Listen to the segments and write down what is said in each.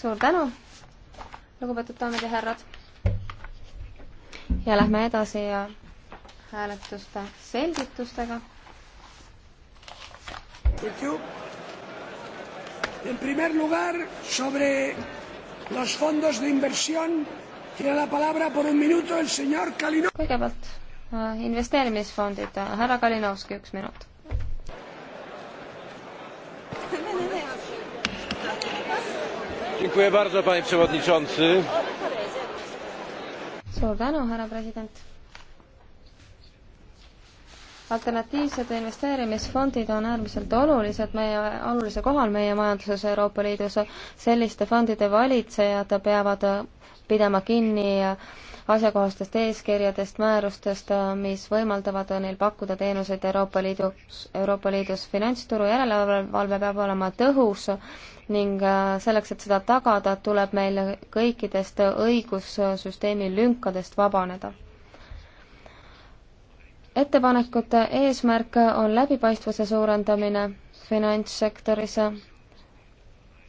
suur tänu, lugupeetud daamid ja härrad. ja lähme edasi ja hääletuste selgitustega. Thank you. En primer lugar, sobre los fondos de inversión, tiene la palabra por un minuto el señor Kalinov. kõigepealt äh, investeerimisfondid, härra Kalinovski, üks minut Dziękuję bardzo, panie przewodniczący. Suur tänu, härra president alternatiivsed investeerimisfondid on äärmiselt olulised meie, olulise kohal meie majanduses Euroopa Liidus. selliste fondide valitsejad peavad pidama kinni asjakohastest eeskirjadest, määrustest, mis võimaldavad neil pakkuda teenuseid Euroopa Liidus, Euroopa Liidus. finantsturu järelevalve peab olema tõhus ning selleks, et seda tagada, tuleb meil kõikidest õigussüsteemi lünkadest vabaneda ettepanekute eesmärk on läbipaistvuse suurendamine finantssektoris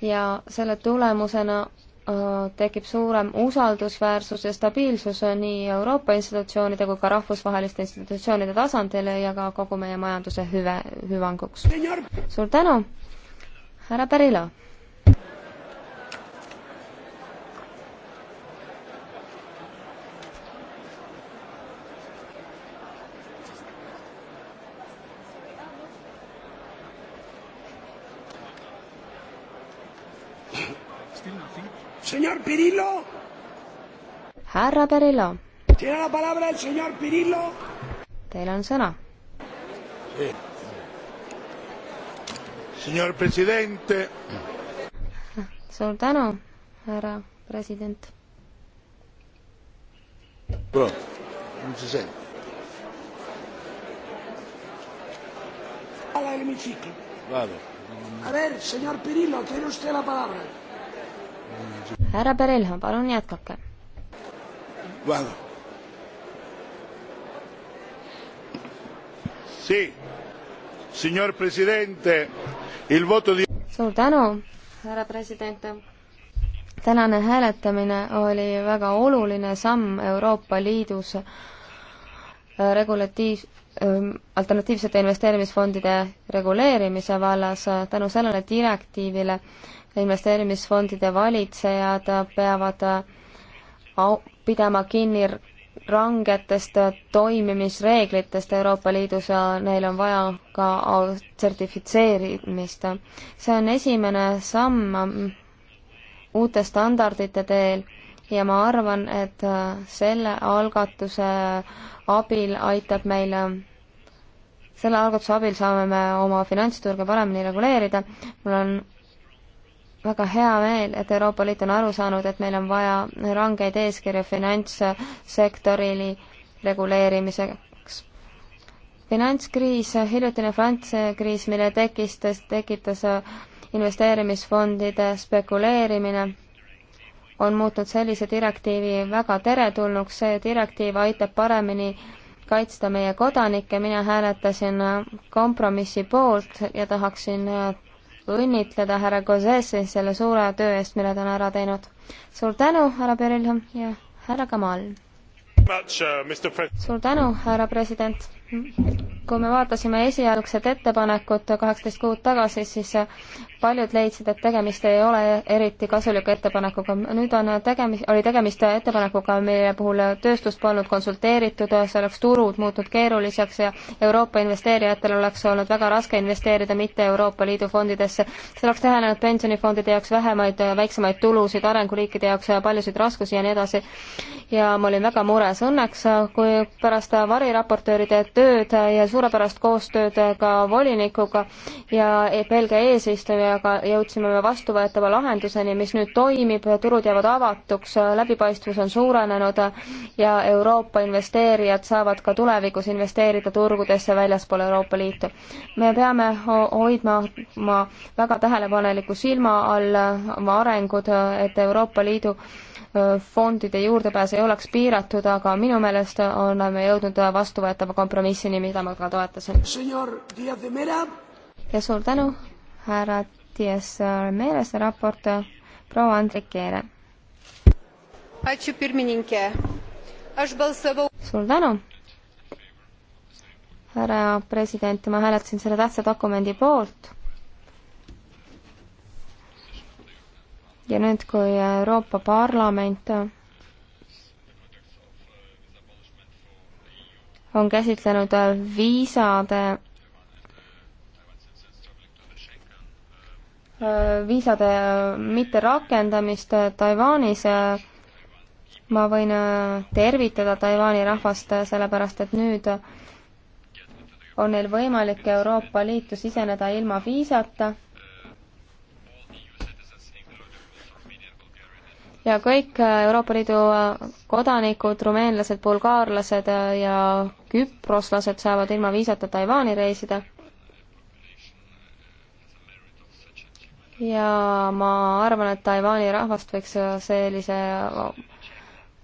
ja selle tulemusena äh, tekib suurem usaldusväärsus ja stabiilsus nii Euroopa institutsioonide kui ka rahvusvaheliste institutsioonide tasandil ja ka kogu meie majanduse hüve, hüvanguks. suur tänu, härra Perilo! Pirillo? härra Pirillo. Teil on sõna. suur tänu, härra president. non si sente. All'emiciclo. Vado. A ver, signor Pirillo, tiene usted la palabra härra Perelho, palun jätkake bueno.. Si. Signor Presidente, il voto di... suur tänu, härra president. tänane hääletamine oli väga oluline samm Euroopa Liidus äh, regulatiiv-, ähm, alternatiivsete investeerimisfondide reguleerimise vallas äh, tänu sellele direktiivile investeerimisfondide valitsejad peavad äh, au-, pidama kinni rangetest äh, toimimisreeglitest Euroopa Liidus ja neil on vaja ka sertifitseerimist. see on esimene samm ähm, uute standardite teel ja ma arvan, et äh, selle algatuse abil aitab meil, ähm, selle algatuse abil saame me oma finantsturge paremini reguleerida. mul on väga hea meel, et Euroopa Liit on aru saanud, et meil on vaja rangeid eeskirju finantssektorili reguleerimiseks. finantskriis, hiljutine finantskriis, mille tekistas, tekitas investeerimisfondide spekuleerimine, on muutnud sellise direktiivi väga teretulnuks, see direktiiv aitab paremini kaitsta meie kodanikke, mina hääletasin kompromissi poolt ja tahaksin õnnitleda härra Gozesi selle suure töö eest, mille ta on ära teinud. suur tänu, härra Perilham ja härra Kamal. Uh, suur tänu, härra president kui me vaatasime esialgset ettepanekut kaheksateist kuud tagasi, siis paljud leidsid, et tegemist ei ole eriti kasuliku ettepanekuga. nüüd on tegemist, oli tegemist ettepanekuga, mille puhul tööstust polnud konsulteeritud, see oleks turud muutnud keeruliseks ja Euroopa investeerijatel oleks olnud väga raske investeerida mitte Euroopa Liidu fondidesse. see oleks tähendanud pensionifondide jaoks vähemaid, väiksemaid tulusid, arenguriikide jaoks paljusid raskusi ja nii edasi. ja ma olin väga mures. Õnneks, kui pärast variraportööride tööd ja suurepärast koostööd ka volinikuga ja Belgia eesistujaga jõudsime me vastuvõetava lahenduseni, mis nüüd toimib, turud jäävad avatuks, läbipaistvus on suurenenud ja Euroopa investeerijad saavad ka tulevikus investeerida turgudesse väljaspool Euroopa Liitu. me peame hoidma oma väga tähelepaneliku silma all oma arengud, et Euroopa Liidu fondide juurdepääs ei oleks piiratud, aga minu meelest oleme jõudnud vastuvõetava kompromissi kompromissini, mida ma ka toetasin. ja suur tänu, härra Dias Ramirez, raport äh, proua Andrik Jeere. suur tänu, härra president, ma hääletasin selle tähtsa dokumendi poolt ja nüüd, kui Euroopa Parlament on käsitlenud viisade viisade mitterakendamist Taiwanis. ma võin tervitada Taiwani rahvast, sellepärast et nüüd on neil võimalik Euroopa Liitu siseneda ilma viisata ja kõik äh, Euroopa Liidu äh, kodanikud, rumeenlased, bulgaarlased äh, ja küproslased saavad ilma viisata Taiwan'i reisida. ja ma arvan, et Taiwan'i rahvast võiks sellise,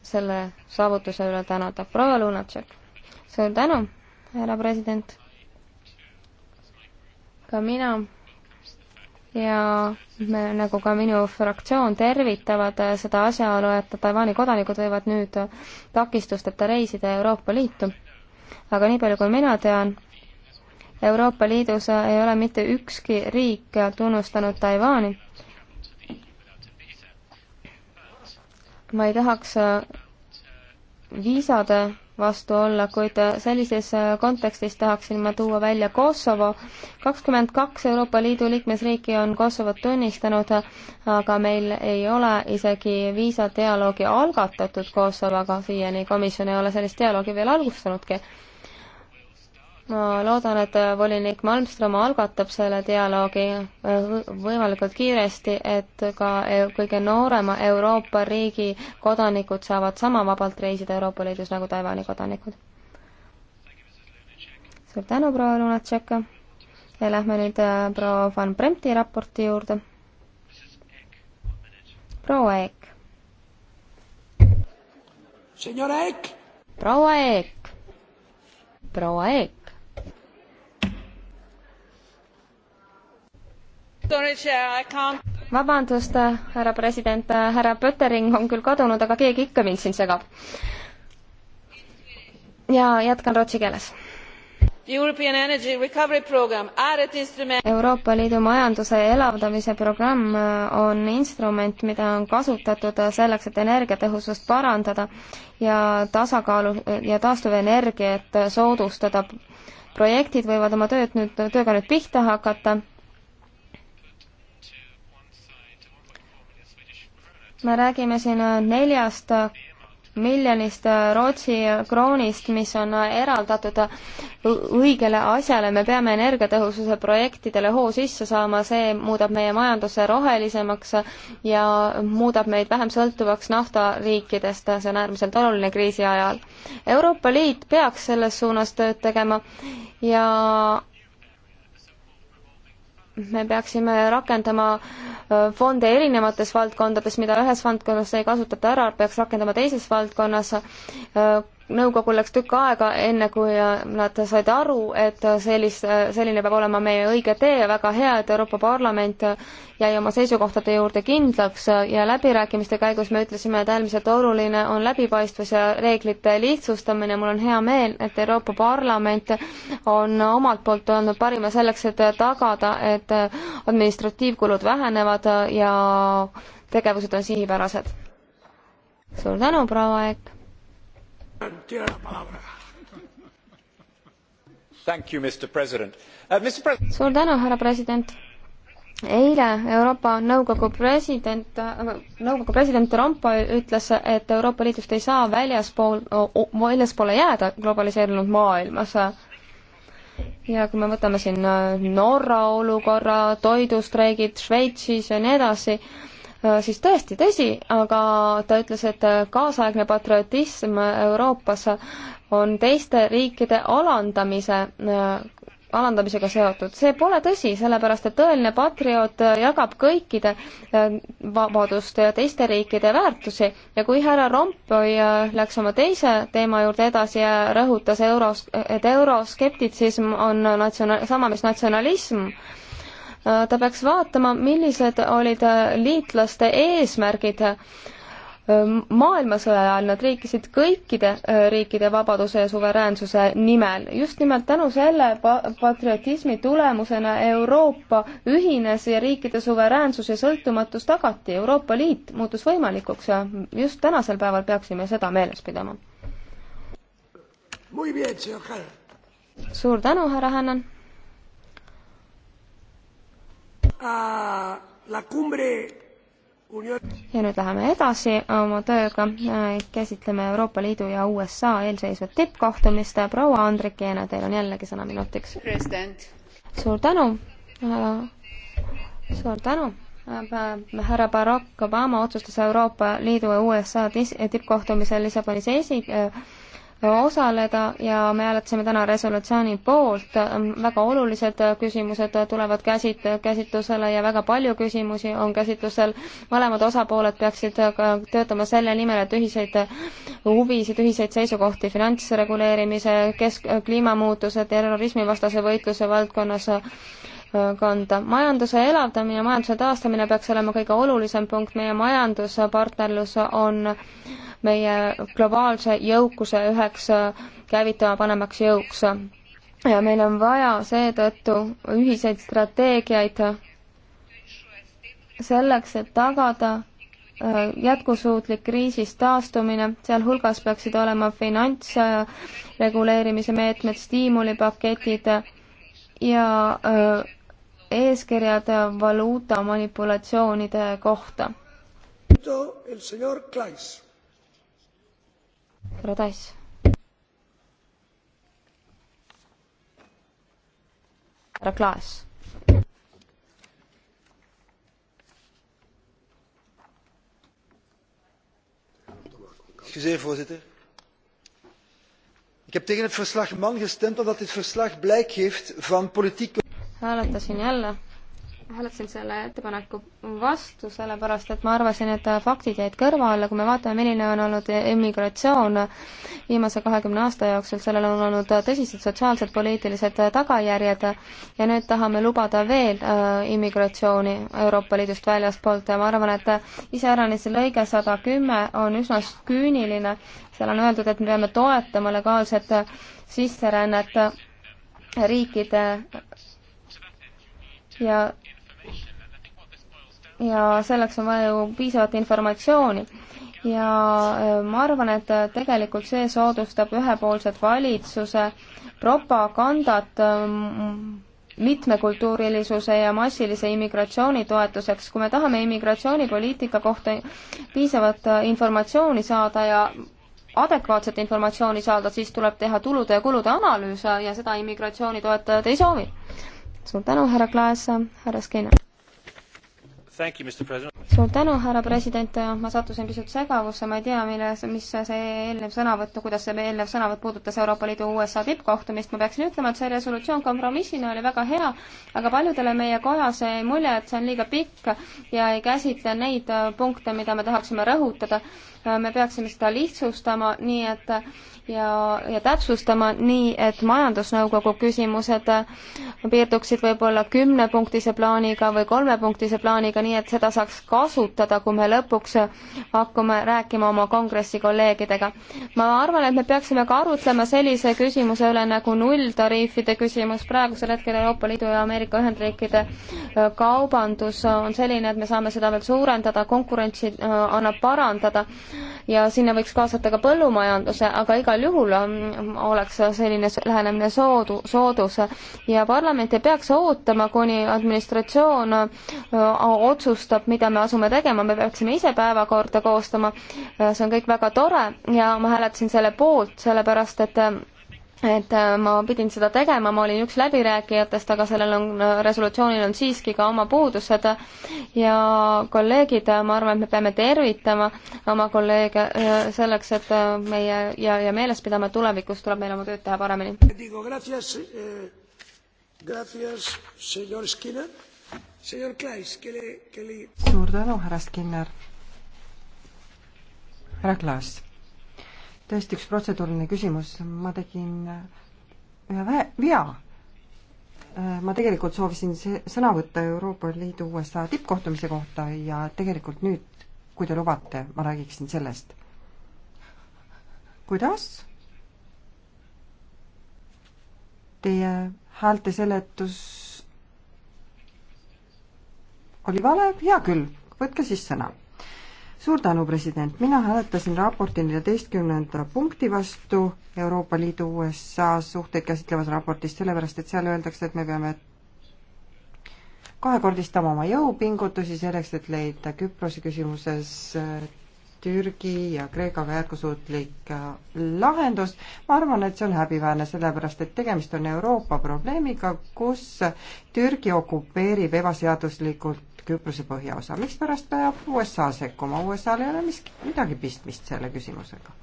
selle saavutuse üle tänada. proua Lunatšek, suur tänu, härra president. ka mina ja me, nagu ka minu fraktsioon, tervitavad äh, seda asjaolu, et Taiwan'i kodanikud võivad nüüd äh, takistusteta reisida Euroopa Liitu. aga nii palju, kui mina tean, Euroopa Liidus äh, ei ole mitte ükski riik tunnustanud Taiwan'i. ma ei tahaks viisade vastu olla, kuid sellises kontekstis tahaksin ma tuua välja Kosovo. kakskümmend kaks Euroopa Liidu liikmesriiki on Kosovot tunnistanud, aga meil ei ole isegi viisadialoogi algatatud Kosovoga siiani, komisjon ei ole sellist dialoogi veel alustanudki ma loodan, et volinik Malmström algatab selle dialoogi äh, võimalikult kiiresti, et ka äh, kõige noorema Euroopa riigi kodanikud saavad sama vabalt reisida Euroopa Liidus nagu Taiwan'i kodanikud. suur tänu, proua Lunatšek ja lähme nüüd äh, proua Van Bremti raporti juurde. proua Eek. proua Eek. proua Eek vabandust, härra president, härra Pöttering on küll kadunud, aga keegi ikka mind siin segab. ja jätkan rootsi keeles. Euroopa Liidu majanduse elavdamise programm äh, on instrument, mida on kasutatud selleks, et energiatõhusust parandada ja tasakaalu ja taastuvenergiat soodustada. projektid võivad oma tööd nüüd, tööga nüüd pihta hakata me räägime siin äh, neljast äh, miljonist äh, Rootsi kroonist, mis on eraldatud õigele asjale, me peame energiatõhususe projektidele hoo sisse saama, see muudab meie majanduse rohelisemaks ja muudab meid vähem sõltuvaks naftariikidest, see on äärmiselt oluline kriisi ajal. Euroopa Liit peaks selles suunas tööd tegema ja me peaksime rakendama fonde erinevates valdkondades, mida ühes valdkonnas ei kasutata ära, peaks rakendama teises valdkonnas nõukogul läks tükk aega, enne kui äh, nad said aru, et äh, sellist, äh, selline peab olema meie õige tee ja väga hea, et Euroopa Parlament jäi oma seisukohtade juurde kindlaks ja läbirääkimiste käigus me ütlesime, et äärmiselt oluline on läbipaistvus ja reeglite lihtsustamine. mul on hea meel, et Euroopa Parlament on omalt poolt andnud parima selleks, et tagada, et administratiivkulud vähenevad ja tegevused on sihipärased. suur tänu, proua Eek! You, Mr. President. Uh, Mr. President. suur tänu, härra president. eile Euroopa Nõukogu president, äh, nõukogu president Rompuy ütles, et Euroopa Liidust ei saa väljaspool, väljaspoole jääda globaliseerunud maailmas ja kui me võtame siin äh, Norra olukorra, toidustreigid Šveitsis ja nii edasi, Äh, siis tõesti tõsi, aga ta ütles, et äh, kaasaegne patriotism Euroopas on teiste riikide alandamise äh, alandamisega seotud. see pole tõsi, sellepärast et tõeline patrioot jagab kõikide vabadust ja teiste riikide väärtusi ja kui härra Rompuy läks oma teise teema juurde edasi ja rõhutas euros, et euroskeptitsism on natsiona-, sama mis natsionalism, ta peaks vaatama, millised olid äh, liitlaste eesmärgid äh, maailmasõja ajal nad riikisid kõikide äh, riikide vabaduse ja suveräänsuse nimel. just nimelt tänu selle patriotismi tulemusena Euroopa ühines ja riikide suveräänsus ja sõltumatus tagati. Euroopa Liit muutus võimalikuks ja just tänasel päeval peaksime seda meeles pidama. suur tänu, härra Hännan! ja nüüd läheme edasi oma tööga, äh, käsitleme Euroopa Liidu ja USA eelseisvat tippkohtumist. proua Andrik Jeena, teil on jällegi sõna minutiks. suur tänu, suur tänu äh, härra Barack Obama otsustas Euroopa Liidu ja USA tippkohtumisel Lissabonis esi-, äh, osaleda ja me hääletasime täna resolutsiooni poolt. väga olulised küsimused tulevad käsit-, käsitlusele ja väga palju küsimusi on käsitlusel. mõlemad osapooled peaksid ka töötama selle nimel, et ühiseid huvisid, ühiseid seisukohti finantsreguleerimise, kesk-, kliimamuutuse, terrorismivastase võitluse valdkonnas kanda. majanduse elavdamine, majanduse taastamine peaks olema kõige olulisem punkt, meie majanduspartnerlus on meie globaalse jõukuse üheks äh, käivitama panemaks jõuks. ja meil on vaja seetõttu ühiseid strateegiaid selleks, et tagada äh, jätkusuutlik kriisist taastumine, sealhulgas peaksid olema finantsreguleerimise meetmed, stiimulipaketid ja äh, eeskirjad valuuta manipulatsioonide kohta härra Tass. härra Klaas. Excuseer, voorzitter. Ik heb tegen het verslag Mann gestemd omdat dit verslag blijk geeft van politieke. hääletasin jälle hääletasin selle ettepaneku vastu, sellepärast et ma arvasin, et faktid jäid kõrvale, kui me vaatame, milline on olnud immigratsioon viimase kahekümne aasta jooksul, sellel on olnud tõsised sotsiaalsed, poliitilised tagajärjed ja nüüd tahame lubada veel äh, immigratsiooni Euroopa Liidust väljaspoolt ja ma arvan, et iseäranis lõige sada kümme on üsna küüniline, seal on öeldud, et me peame toetama legaalset sisserännet riikide ja ja selleks on vaja ju piisavat informatsiooni. ja äh, ma arvan, et äh, tegelikult see soodustab ühepoolset valitsuse propagandat ähm, mitmekultuurilisuse ja massilise immigratsiooni toetuseks. kui me tahame immigratsioonipoliitika kohta piisavat äh, informatsiooni saada ja adekvaatset informatsiooni saada, siis tuleb teha tulude ja kulude analüüs ja seda immigratsioonitoetajad ei soovi. suur tänu, härra Klaas, härra Skinner! mr president suur tänu, härra president, ma sattusin pisut segavusse, ma ei tea, mille, mis see eelnev sõnavõtt, kuidas see eelnev sõnavõtt puudutas Euroopa Liidu USA tippkohtumist, ma peaksin ütlema, et see resolutsioon kompromissina oli väga hea, aga paljudele meie kojas jäi mulje, et see on liiga pikk ja ei käsitle neid punkte, mida me tahaksime rõhutada. me peaksime seda lihtsustama, nii et ja, ja täpsustama nii, et majandusnõukogu küsimused piirduksid võib-olla kümnepunktise plaaniga või kolmepunktise plaaniga, nii et seda saaks kasutada, kui me lõpuks hakkame rääkima oma kongressi kolleegidega. ma arvan, et me peaksime ka arutlema sellise küsimuse üle nagu nulltariifide küsimus, praegusel hetkel Euroopa Liidu ja Ameerika Ühendriikide äh, kaubandus on selline, et me saame seda veel suurendada, konkurentsi äh, annab parandada ja sinna võiks kaasata ka põllumajanduse, aga igal juhul ähm, oleks selline lähenemine soodu, soodus ja parlament ei peaks ootama, kuni administratsioon äh, otsustab, mida me asume tegema, me peaksime ise päevakorda koostama. see on kõik väga tore ja ma hääletasin selle poolt, sellepärast et et ma pidin seda tegema, ma olin üks läbirääkijatest, aga sellel on, resolutsioonil on siiski ka oma puudused ja kolleegid, ma arvan, et me peame tervitama oma kolleege äh, selleks, et meie ja, ja meeles pidama, et tulevikus tuleb meil oma tööd teha paremini suur tänu, härra Skinner. härra Klaas, tõesti üks protseduuriline küsimus, ma tegin ühe vea. ma tegelikult soovisin sõna võtta Euroopa Liidu USA tippkohtumise kohta ja tegelikult nüüd, kui te lubate, ma räägiksin sellest. kuidas? Teie häälte seletus oli vale, hea küll, võtke siis sõna. suur tänu, president, mina hääletasin raporti neljateistkümnenda punkti vastu Euroopa Liidu USA suhteid käsitlevas raportis, sellepärast et seal öeldakse, et me peame kahekordistama oma jõupingutusi selleks, et leida Küprose küsimuses äh, Türgi ja Kreekaga jätkusuutlik äh, lahendus. ma arvan, et see on häbiväärne, sellepärast et tegemist on Euroopa probleemiga, kus Türgi okupeerib ebaseaduslikult Küprose põhjaosa, mikspärast peab USA sekkuma, USA-l ei ole miski, midagi pistmist selle küsimusega.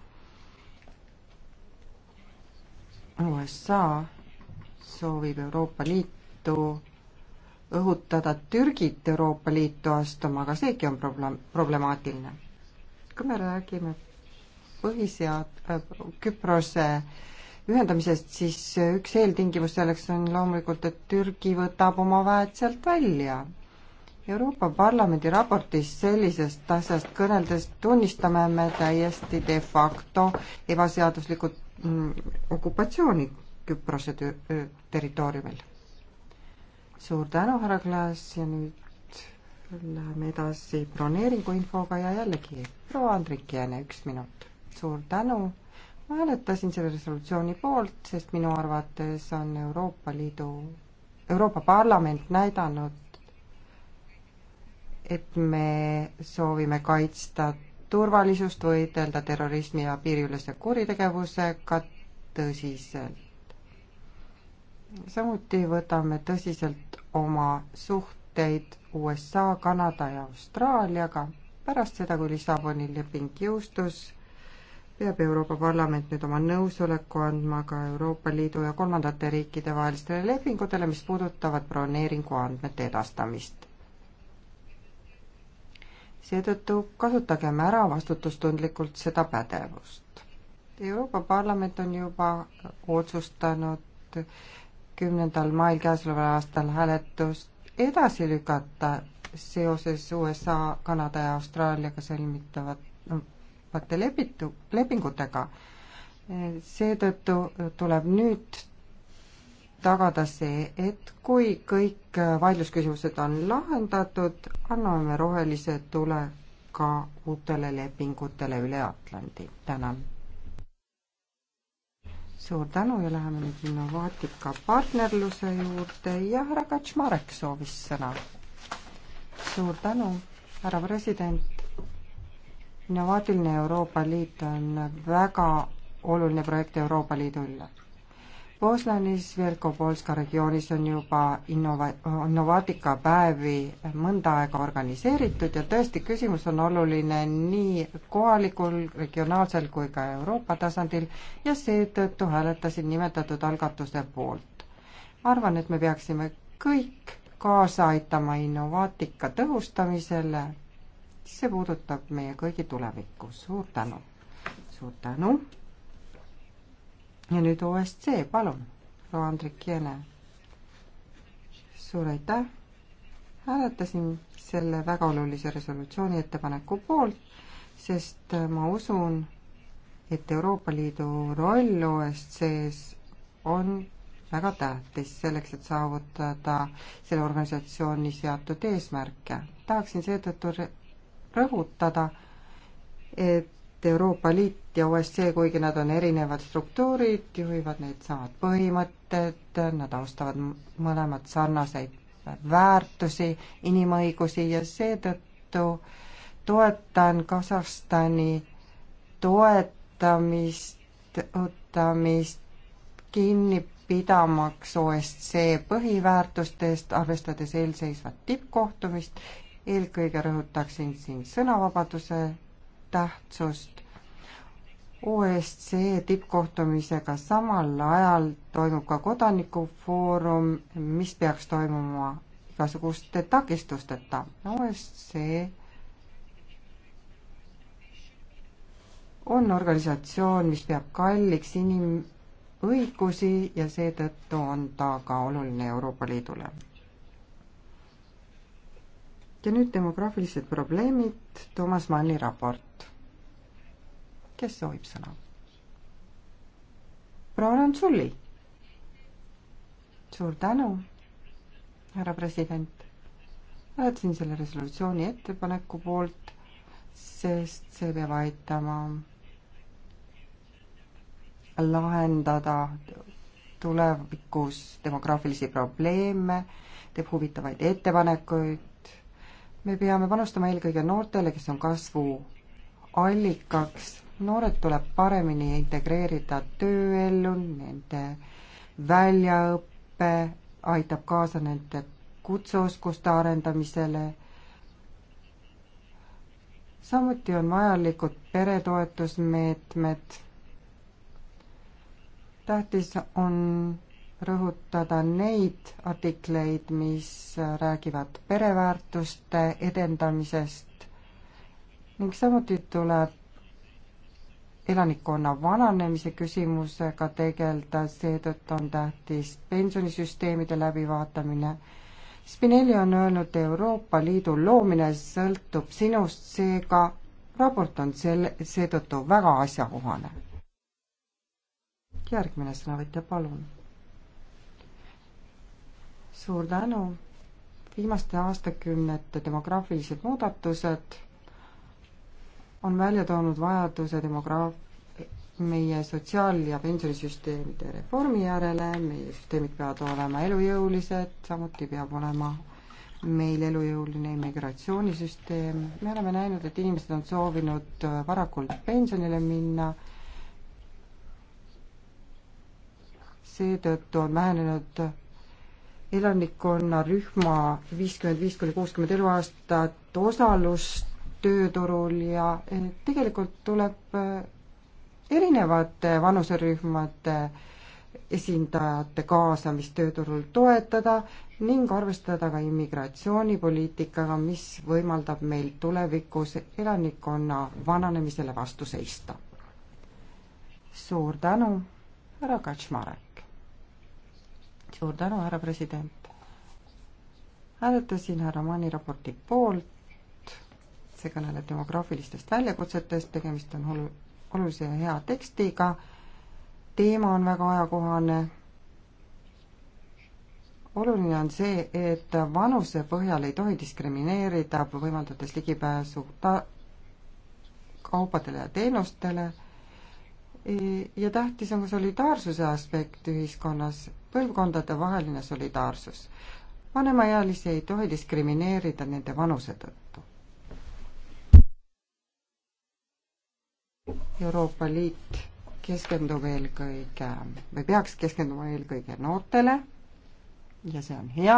USA soovib Euroopa Liitu õhutada Türgit Euroopa Liitu astuma, aga seegi on problem-, problemaatiline. kui me räägime põhisead- äh,, Küprose ühendamisest, siis üks eeltingimus selleks on loomulikult, et Türgi võtab oma väed sealt välja. Euroopa Parlamendi raportis sellisest asjast kõneldes tunnistame me täiesti de facto ebaseaduslikud mm, okupatsiooni Küprose territooriumil. suur tänu, härra Klaas ja nüüd läheme edasi broneeringu infoga ja jällegi proua Andrikiene, üks minut. suur tänu, ma hääletasin selle resolutsiooni poolt, sest minu arvates on Euroopa Liidu, Euroopa Parlament näidanud et me soovime kaitsta turvalisust, võidelda terrorismi ja piiriülese kuritegevusega tõsiselt. samuti võtame tõsiselt oma suhteid USA, Kanada ja Austraaliaga. pärast seda, kui Lissaboni leping jõustus, peab Euroopa Parlament nüüd oma nõusoleku andma ka Euroopa Liidu ja kolmandate riikide vahelistele lepingutele, mis puudutavad broneeringu andmete edastamist seetõttu kasutagem ära vastutustundlikult seda pädevust. Euroopa Parlament on juba otsustanud kümnendal mail käesoleval aastal hääletust edasi lükata seoses USA, Kanada ja Austraaliaga sõlmitavate lepitu, lepingutega. seetõttu tuleb nüüd tagada see, et kui kõik vaidlusküsimused on lahendatud, anname rohelise tule ka uutele lepingutele üle Atlandi. tänan! suur tänu ja läheme nüüd Innovaatika partnerluse juurde ja härra Kaczmarek soovis sõna. suur tänu, härra president. innovaatiline Euroopa Liit on väga oluline projekt Euroopa Liidule Poznanis, Velkopolska regioonis on juba innova-, Innovaatika päevi mõnda aega organiseeritud ja tõesti, küsimus on oluline nii kohalikul, regionaalsel kui ka Euroopa tasandil ja seetõttu hääletasin nimetatud algatuse poolt. arvan, et me peaksime kõik kaasa aitama Innovaatika tõhustamisele, see puudutab meie kõigi tulevikku, suur tänu! suur tänu! ja nüüd OSC, palun, proua Andrik Jene. suur aitäh, hääletasin selle väga olulise resolutsiooni ettepaneku poolt, sest ma usun, et Euroopa Liidu roll OSCE-s on väga tähtis selleks, et saavutada selle organisatsiooni seatud eesmärke. tahaksin seetõttu rõhutada, et et Euroopa Liit ja OSCE, kuigi nad on erinevad struktuurid, juhivad neid samad põhimõtted, nad austavad mõlemad sarnaseid väärtusi, inimõigusi ja seetõttu toetan Kasahstani toetamist, võtamist kinni pidamaks OSCE põhiväärtustest, arvestades eelseisvat tippkohtumist eelkõige rõhutaksin siin sõnavabaduse tähtsust. OSCE tippkohtumisega samal ajal toimub ka kodanikufoorum, mis peaks toimuma igasuguste takistusteta. OSCE on organisatsioon, mis peab kalliks inimõigusi ja seetõttu on ta ka oluline Euroopa Liidule. ja nüüd demograafilised probleemid, Toomas Manni raport kes soovib sõna? proua Rantsulli. suur tänu, härra president. hääletasin selle resolutsiooni ettepaneku poolt, sest see peab aitama lahendada tulevikus demograafilisi probleeme, teeb huvitavaid ettepanekuid. me peame panustama eelkõige noortele, kes on kasvu allikaks noored tuleb paremini integreerida tööellu, nende väljaõpe aitab kaasa nende kutseoskuste arendamisele. samuti on vajalikud peretoetusmeetmed. tähtis on rõhutada neid artikleid, mis räägivad pereväärtuste edendamisest ning samuti tuleb elanikkonna vananemise küsimusega tegeleda, seetõttu on tähtis pensionisüsteemide läbivaatamine. Spinelli on öelnud, Euroopa Liidu loomine sõltub sinust, seega raport on selle, seetõttu väga asjakohane. järgmine sõnavõtja, palun. suur tänu. viimaste aastakümnete demograafilised muudatused on välja toonud vajaduse demograaf-, meie sotsiaal- ja pensionisüsteemide reformi järele, meie süsteemid peavad olema elujõulised, samuti peab olema meil elujõuline immigratsioonisüsteem, me oleme näinud, et inimesed on soovinud varakult pensionile minna, seetõttu on vähenenud elanikkonnarühma viiskümmend viis kuni kuuskümmend eluaastat osalust tööturul ja eh, tegelikult tuleb eh, erinevate vanuserühmade esindajate kaasamist tööturul toetada ning arvestada ka immigratsioonipoliitikaga, mis võimaldab meil tulevikus elanikkonna vananemisele vastu seista. suur tänu, härra Kaczmarek. suur tänu, härra president. hääletasin härra Mani raporti poolt see kõneleb demograafilistest väljakutsetest, tegemist on olu-, olulise ja hea tekstiga, teema on väga ajakohane, oluline on see, et vanuse põhjal ei tohi diskrimineerida, võimaldades ligipääsu ta-, kaupadele ja teenustele, e, ja tähtis on ka solidaarsuse aspekt ühiskonnas, põlvkondade vaheline solidaarsus. vanemaealisi ei tohi diskrimineerida nende vanuse tõttu Euroopa Liit keskendub eelkõige või peaks keskenduma eelkõige noortele ja see on hea,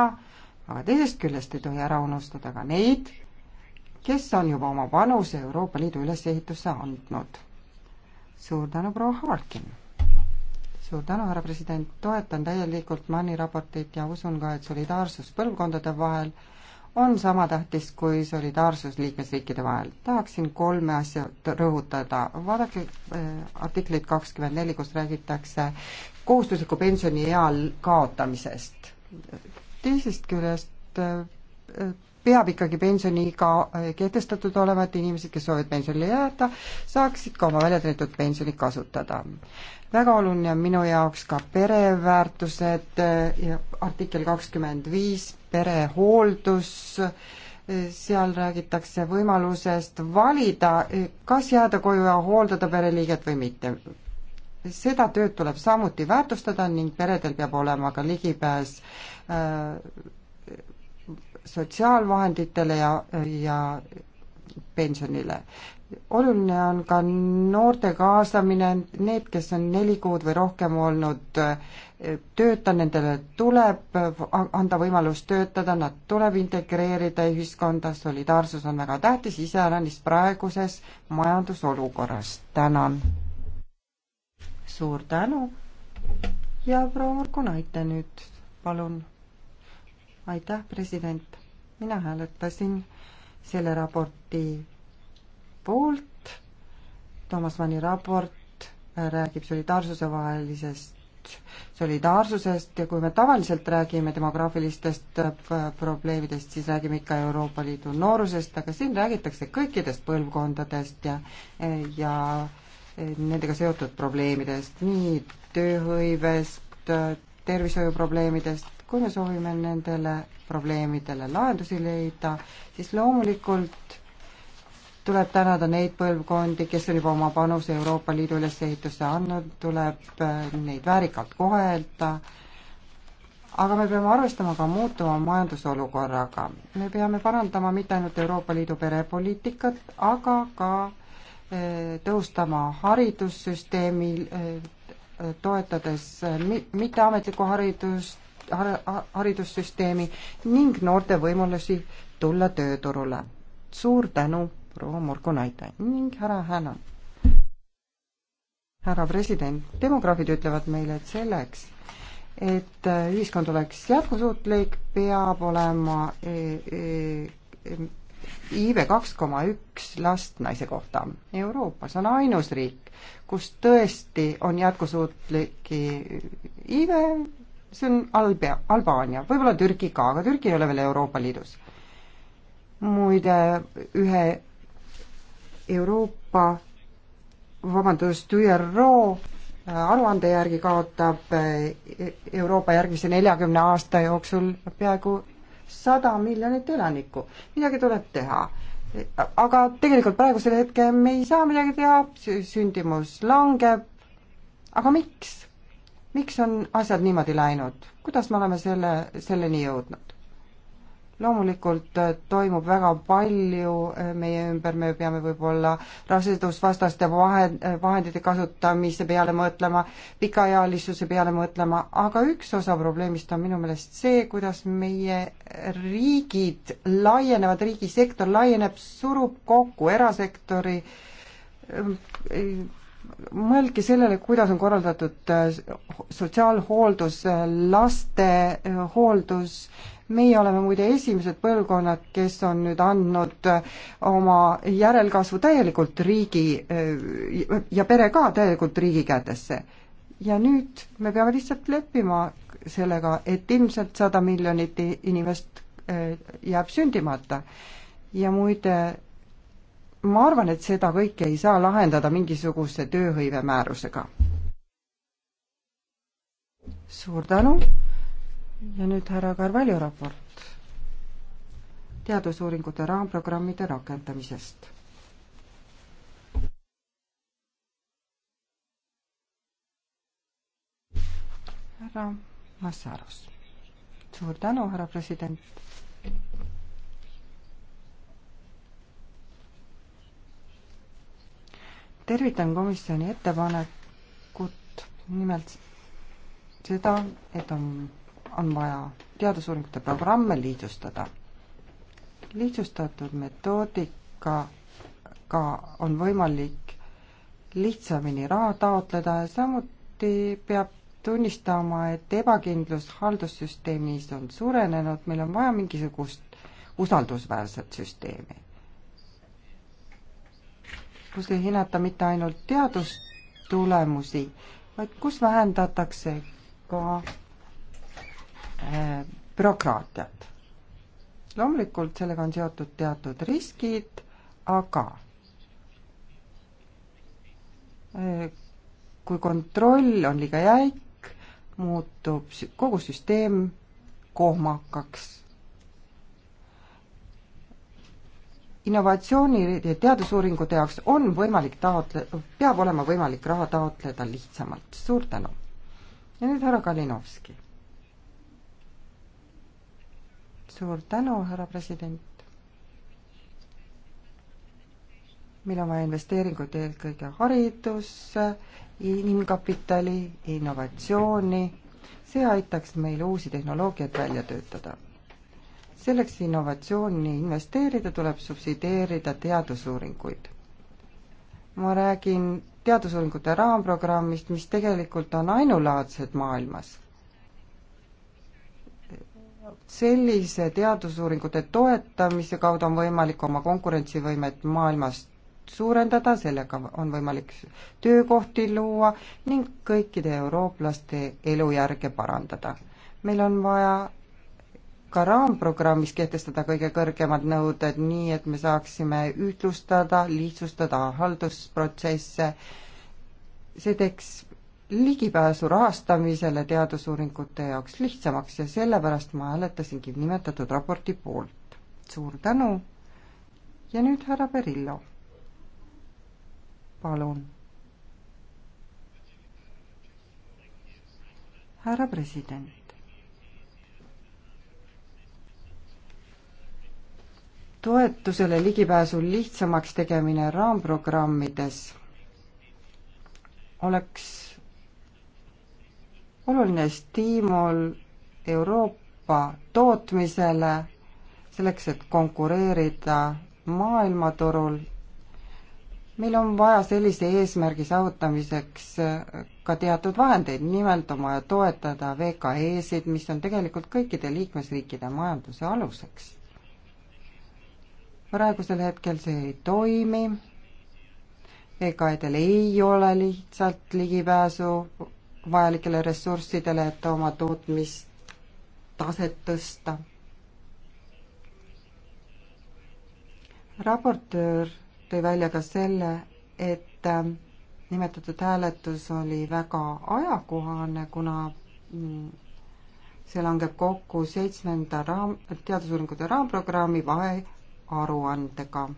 aga teisest küljest ei tohi ära unustada ka neid, kes on juba oma panuse Euroopa Liidu ülesehitusse andnud. suur tänu, proua Harkin! suur tänu, härra president, toetan täielikult Manni raportit ja usun ka, et solidaarsus põlvkondade vahel on sama tähtis kui solidaarsus liikmesriikide vahel. tahaksin kolme asja rõhutada. vaadake äh, artiklit kakskümmend neli, kus räägitakse kohustusliku pensioniea kaotamisest. teisest küljest äh, peab ikkagi pensioniiga äh, kehtestatud olema, et inimesed, kes soovivad pensionile jääda, saaksid ka oma väljateenitud pensioni kasutada. väga oluline on minu jaoks ka pereväärtused äh, ja artikkel kakskümmend viis, perehooldus, seal räägitakse võimalusest valida, kas jääda koju ja hooldada pereliiget või mitte. seda tööd tuleb samuti väärtustada ning peredel peab olema ka ligipääs äh, sotsiaalvahenditele ja, ja pensionile. oluline on ka noorte kaasamine, need, kes on neli kuud või rohkem olnud äh, tööta, nendele tuleb anda võimalus töötada, nad tuleb integreerida ühiskonda, solidaarsus on väga tähtis, iseäranis praeguses majandusolukorras. tänan. suur tänu. ja proua Marko Naite nüüd, palun. aitäh, president. mina hääletasin selle raporti poolt. Toomas Manni raport räägib solidaarsusevahelisest solidaarsusest ja kui me tavaliselt räägime demograafilistest äh, probleemidest, siis räägime ikka Euroopa Liidu noorusest, aga siin räägitakse kõikidest põlvkondadest ja, ja äh, nendega seotud probleemidest, nii tööhõivest, äh, tervishoiuprobleemidest, kui me soovime nendele probleemidele lahendusi leida, siis loomulikult tuleb tänada neid põlvkondi, kes on juba oma panuse Euroopa Liidu ülesehitusse andnud, tuleb äh, neid väärikalt kohelda, aga me peame arvestama ka muutuva majandusolukorraga. me peame parandama mitte ainult Euroopa Liidu perepoliitikat, aga ka äh, tõustama haridussüsteemi, äh, toetades mitteametlikku haridust, haridussüsteemi ning noorte võimalusi tulla tööturule. suur tänu proua Morgonaite ning härra Hännan. härra president, demograafid ütlevad meile, et selleks, et äh, ühiskond oleks jätkusuutlik, peab olema iive e, e, kaks koma üks last naise kohta. Euroopas on ainus riik, kus tõesti on jätkusuutlik iive, see on Albia, Albaania, võib-olla Türgi ka, aga Türgi ei ole veel Euroopa Liidus. muide, ühe Euroopa, vabandust, ÜRO äh, aruande järgi kaotab äh, Euroopa järgmise neljakümne aasta jooksul peaaegu sada miljonit elanikku. midagi tuleb teha. aga tegelikult praegusel hetkel me ei saa midagi teha, sündimus langeb. aga miks? miks on asjad niimoodi läinud? kuidas me oleme selle, selleni jõudnud? loomulikult äh, toimub väga palju äh, meie ümber, me peame võib-olla rasedusvastaste vahe, äh, vahendite kasutamise peale mõtlema, pikaealisuse peale mõtlema, aga üks osa probleemist on minu meelest see, kuidas meie riigid laienevad, riigisektor laieneb, surub kokku erasektori mõelge sellele, kuidas on korraldatud sotsiaalhooldus, laste hooldus, meie oleme muide esimesed põlvkonnad, kes on nüüd andnud äh, oma järelkasvu täielikult riigi äh, ja pere ka täielikult riigi kätesse. ja nüüd me peame lihtsalt leppima sellega, et ilmselt sada miljonit inimest äh, jääb sündimata. ja muide, ma arvan, et seda kõike ei saa lahendada mingisuguse tööhõivemäärusega. suur tänu ja nüüd härra Carvalho raport teadusuuringute raamprogrammide rakendamisest. härra Massaros. suur tänu, härra president. tervitan komisjoni ettepanekut, nimelt seda, et on on vaja teadusuuringute programme lihtsustada. lihtsustatud metoodikaga on võimalik lihtsamini raha taotleda ja samuti peab tunnistama, et ebakindlus haldussüsteemis on suurenenud, meil on vaja mingisugust usaldusväärset süsteemi, kus ei hinnata mitte ainult teadustulemusi, vaid kus vähendatakse ka bürokraatiat. loomulikult sellega on seotud teatud riskid, aga eh, kui kontroll on liiga jäik, muutub kogu süsteem kohmakaks. innovatsiooni ja teadusuuringute jaoks on võimalik taotle-, peab olema võimalik raha taotleda lihtsamalt. suur tänu! ja nüüd härra Kalinovski suur tänu, härra president. meil on vaja investeeringuid eelkõige haridusse, inimkapitali, innovatsiooni. see aitaks meil uusi tehnoloogiaid välja töötada selleks innovatsiooni investeerida, tuleb subsideerida teadusuuringuid. ma räägin teadusuuringute raamprogrammist, mis tegelikult on ainulaadsed maailmas sellise teadusuuringute toetamise kaudu on võimalik oma konkurentsivõimet maailmas suurendada, sellega on võimalik töökohti luua ning kõikide eurooplaste elujärge parandada. meil on vaja ka raamprogrammis kehtestada kõige kõrgemad nõuded, nii et me saaksime ühtlustada, lihtsustada haldusprotsesse, see teeks ligipääsu rahastamisele teadusuuringute jaoks lihtsamaks ja sellepärast ma hääletasingi nimetatud raporti poolt. suur tänu ja nüüd härra Perillo. palun. härra president. toetusele ligipääsu lihtsamaks tegemine raamprogrammides oleks oluline stiimul Euroopa tootmisele, selleks, et konkureerida maailmaturul. meil on vaja sellise eesmärgi saavutamiseks ka teatud vahendeid, nimelt on vaja toetada VKE-sid, mis on tegelikult kõikide liikmesriikide majanduse aluseks. praegusel hetkel see ei toimi, VKE-del ei ole lihtsalt ligipääsu vajalikele ressurssidele, et oma tootmistaset tõsta. raportöör tõi välja ka selle, et ähm, nimetatud hääletus oli väga ajakohane, kuna mm, see langeb kokku seitsmenda raam, teadusuuringute raamprogrammi vahearuandega.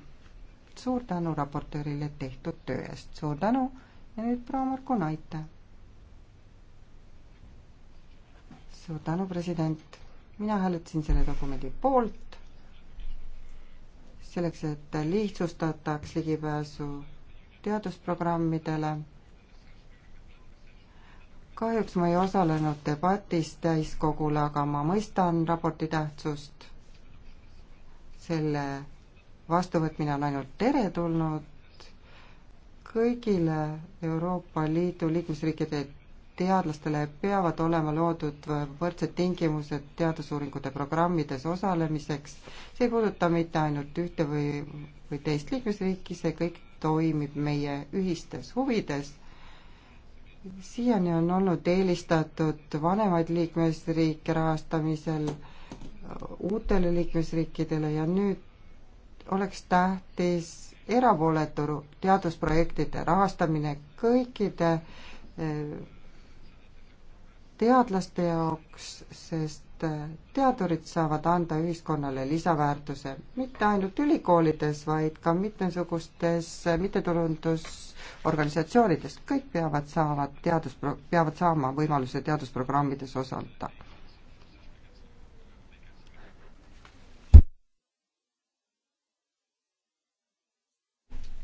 suur tänu raportöörile tehtud töö eest, suur tänu ja nüüd proua Marko Naite suur tänu, president. mina hääletasin selle dokumendi poolt, selleks, et lihtsustataks ligipääsu teadusprogrammidele. kahjuks ma ei osalenud debatis täiskogul, aga ma mõistan raporti tähtsust. selle vastuvõtmine on ainult teretulnud kõigile Euroopa Liidu liikmesriikide teadlastele peavad olema loodud võrdsed tingimused teadusuuringute programmides osalemiseks. see ei puuduta mitte ainult ühte või, või teist liikmesriiki, see kõik toimib meie ühistes huvides. siiani on olnud eelistatud vanemaid liikmesriike rahastamisel uutele liikmesriikidele ja nüüd oleks tähtis erapooletu teadusprojektide rahastamine kõikide eh, teadlaste jaoks, sest teadurid saavad anda ühiskonnale lisaväärtuse mitte ainult ülikoolides, vaid ka mitmesugustes mittetulundusorganisatsioonides. kõik peavad saama teadus, peavad saama võimaluse teadusprogrammides osaleda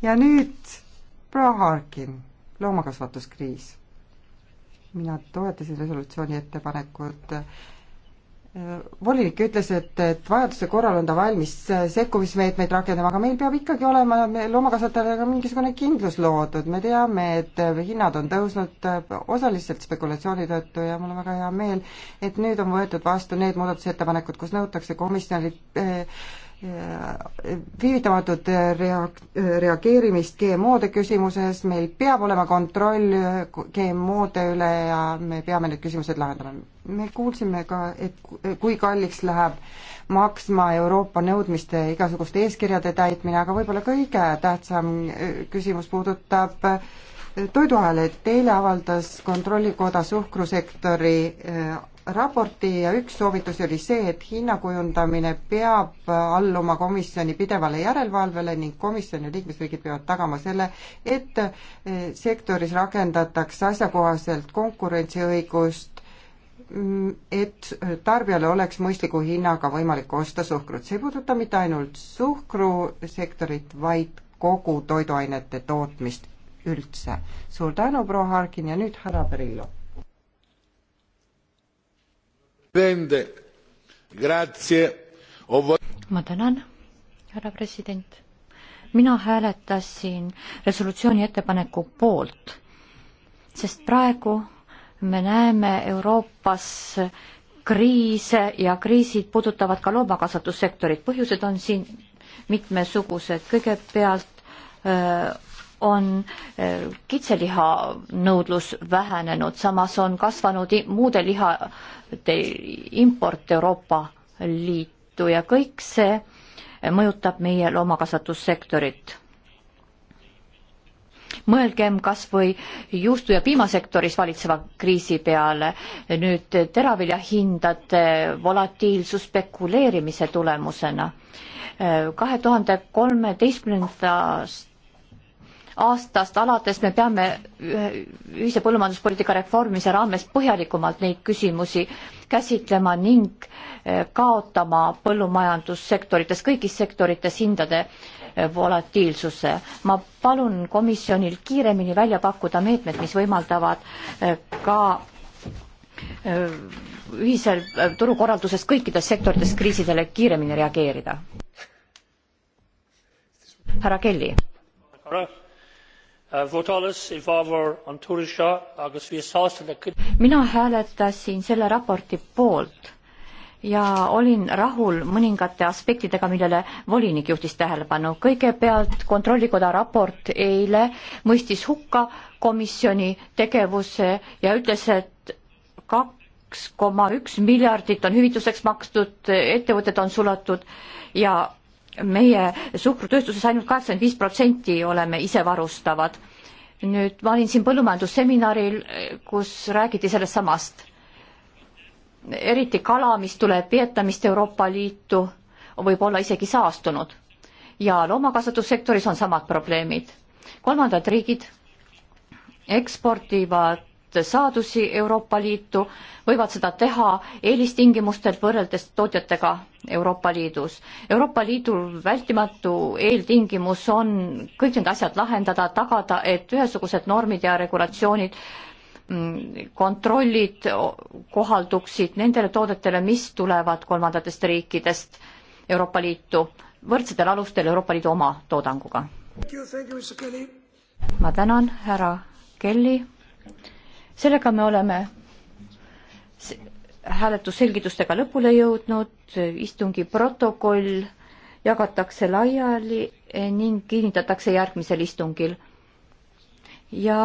ja nüüd proua Harkin, loomakasvatuskriis mina toetasin resolutsiooni ettepanekut. Äh, volinik ütles, et, et vajaduse korral on ta valmis äh, sekkumismeetmeid rakendama, aga meil peab ikkagi olema loomakasvatajatega mingisugune kindlus loodud, me teame, et äh, hinnad on tõusnud osaliselt spekulatsiooni tõttu ja mul on väga hea meel, et nüüd on võetud vastu need muudatusettepanekud, kus nõutakse komisjoni viivitamatut reak-, reageerimist GMO-de küsimuses, meil peab olema kontroll GMO-de üle ja me peame need küsimused lahendama. me kuulsime ka, et kui kalliks läheb maksma Euroopa nõudmiste igasuguste eeskirjade täitmine, aga võib-olla kõige tähtsam e, küsimus puudutab e, toiduahel, et eile avaldas Kontrollikoda suhkrusektori e, raporti ja üks soovitus oli see, et hinnakujundamine peab alluma komisjoni pidevale järelevalvele ning komisjoni liikmesriigid peavad tagama selle, et eh, sektoris rakendatakse asjakohaselt konkurentsiõigust, mm, et tarbijale oleks mõistliku hinnaga võimalik osta suhkrut. see ei puuduta mitte ainult suhkrusektorit, vaid kogu toiduainete tootmist üldse. suur tänu, proua Harkin ja nüüd härra Perillo ma tänan, härra president. mina hääletasin resolutsiooni ettepaneku poolt, sest praegu me näeme Euroopas kriise ja kriisid puudutavad ka loomakasvatussektorit. põhjused on siin mitmesugused. kõigepealt öö, äh, on eh, kitseliha nõudlus vähenenud, samas on kasvanud muude lihade import Euroopa Liitu ja kõik see eh, mõjutab meie loomakasvatussektorit. mõelgem kas või juustu- ja piimasektoris valitseva kriisi peale, nüüd teraviljahindade volatiilsus spekuleerimise tulemusena. Eh, kahe tuhande kolmeteistkümnendast aastast alates me peame ühise põllumajanduspoliitika reformimise raames põhjalikumalt neid küsimusi käsitlema ning eh, kaotama põllumajandussektorites, kõigis sektorites hindade eh, volatiilsuse. ma palun komisjonil kiiremini välja pakkuda meetmed, mis võimaldavad eh, ka ühisel turukorralduses kõikides sektorites kriisidele kiiremini reageerida. härra Kelly. Uh, mina hääletasin selle raporti poolt ja olin rahul mõningate aspektidega, millele volinik juhtis tähelepanu. kõigepealt Kontrollikoda raport eile mõistis hukka komisjoni tegevuse ja ütles, et kaks koma üks miljardit on hüvituseks makstud, ettevõtted on sulatud ja meie suhkrutööstuses ainult kaheksakümmend viis protsenti oleme isevarustavad. nüüd ma olin siin põllumajandusseminaril, kus räägiti sellest samast. eriti kala, mis tuleb Vietnamist Euroopa Liitu, võib olla isegi saastunud. ja loomakasvatussektoris on samad probleemid. kolmandad riigid ekspordivad saadusi Euroopa Liitu, võivad seda teha eelistingimustel võrreldes tootjatega Euroopa Liidus. Euroopa Liidul vältimatu eeltingimus on kõik need asjad lahendada, tagada, et ühesugused normid ja regulatsioonid mm, kontrollid kohalduksid nendele toodetele, mis tulevad kolmandatest riikidest Euroopa Liitu võrdsetel alustel Euroopa Liidu oma toodanguga. ma tänan, härra Kelly sellega me oleme hääletusselgitustega lõpule jõudnud, istungi protokoll jagatakse laiali ning kinnitatakse järgmisel istungil. ja